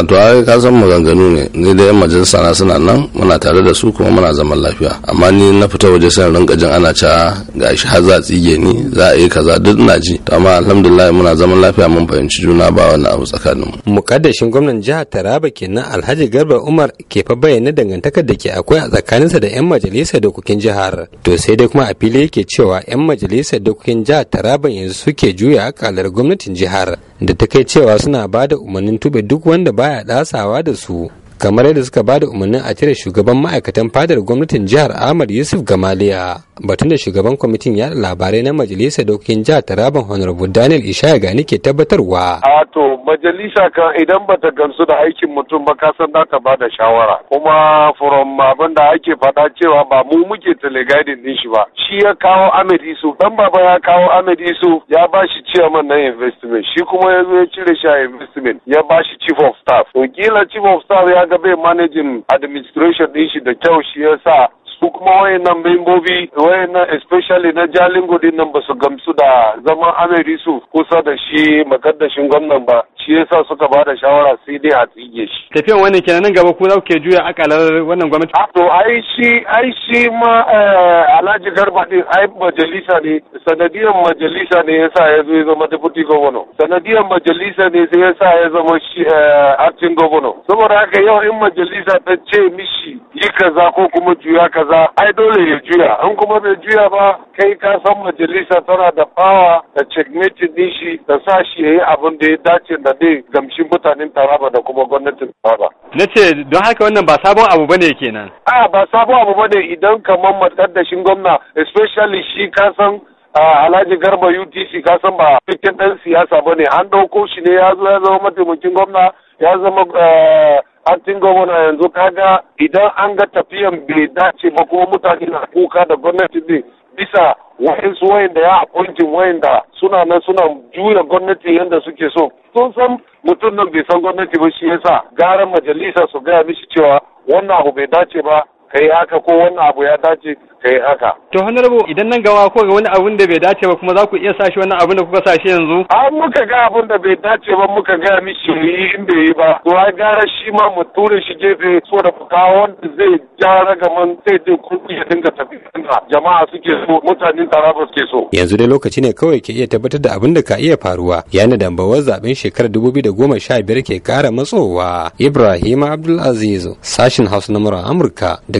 a to ai ka san maganganu ne ni da yan majalisa na suna nan muna tare da su kuma muna zaman lafiya amma ni na fita waje sai rinka jin ana cewa shi har za tsige ni za a yi kaza duk ina ji to amma alhamdulillah muna zaman lafiya mun fahimci juna ba wani abu mu mukaddashin gwamnan jihar Taraba kenan Alhaji Garba Umar ke fa bayyana dangantakar da ke akwai a sa da yan majalisa dokokin jihar to sai dai kuma a fili yake cewa yan majalisa dukkan jihar Taraba yanzu suke juya kalar gwamnatin jihar da ta kai cewa suna ba da umarnin tube duk wanda baya ɗasawa da su kamar yadda suka ba da umarnin a cire shugaban ma'aikatan fadar gwamnatin jihar ahmad yusuf gamaliya batun da shugaban kwamitin yada labarai na Majalisa dokokin jihar taraban honorable daniel ishaya gani ke tabbatarwa a to majalisa kan idan bata gamsu da aikin mutum ba kasan za ta ba da shawara kuma from abin da ake fada cewa ba mu muke telegadin din shi ba shi ya kawo ahmed isu dan baba ya kawo ahmed isu ya ba shi chairman na investment shi kuma ya zo ya cire shi a investment ya ba shi chief of staff to kila chief of staff ya ga bai managing administration din shi da kyau shi ya sa kuma wayannan membobi wayannan especially na jalingo din nan ba su gamsu da zaman amiri su kusa da shi makaddashin gwamnan ba shi yasa suka ba da shawara sai dai a tsige shi tafiyan wannan kenan nan gaba ko za ke juya akalar wannan gwamnati a ah, to ai shi ai shi ma eh, alhaji garba din ai majalisa ne sanadiyan majalisa ne yasa ya zo ya zama deputy governor sanadiyan majalisa ne sai yasa ya zama shi eh, acting governor saboda haka yau in majalisa ta ce mishi yi kaza ko kuma juya kaza ai dole ya juya an kuma bai juya ba kai ka san majalisa tana da fawa da checkmate din shi da sa shi yi abin da ya dace da dai gamshin mutanen Taraba da kuma gwamnatin Taraba ce don haka wannan ba sabon abu bane kenan a ba sabon abu bane idan kamar shi gwamna especially shi ka san Alhaji Garba UTC ka san ba fikin ɗan siyasa ba ne an ɗauko shi ne ya ya zama mataimakin gwamna ya zama eh, acting na yanzu kaga idan an ga tafiyan bai dace ba kuma mutane na kuka da gwamnati din bisa wa'insu wayanda ya wayan wayanda suna nan suna juya gwamnati yadda suke so sun san mutum nan bai san gwamnati ba shi yasa garan majalisa su gaya mishi cewa wannan abu bai dace ba kai haka ko wani abu ya dace kai haka. To honorable idan nan gawa ko ga wani abun da bai dace ba kuma za ku iya sashi wannan abun da kuka sashi yanzu? An muka ga abun da bai dace ba muka ga mishi mu yi in bai yi ba. To ai gara shi ma mu tura shi gefe so da fita wanda zai ja ragaman zai je kurkuku ya dinga tafiya jama'a suke so mutanen Taraba suke so. Yanzu dai lokaci ne kawai ke iya tabbatar da abin da ka iya faruwa. Yana dambawar zaben shekarar dubu biyu da goma sha biyar ke kara matsowa. Ibrahim Abdulaziz sashin Hausa na Amurka da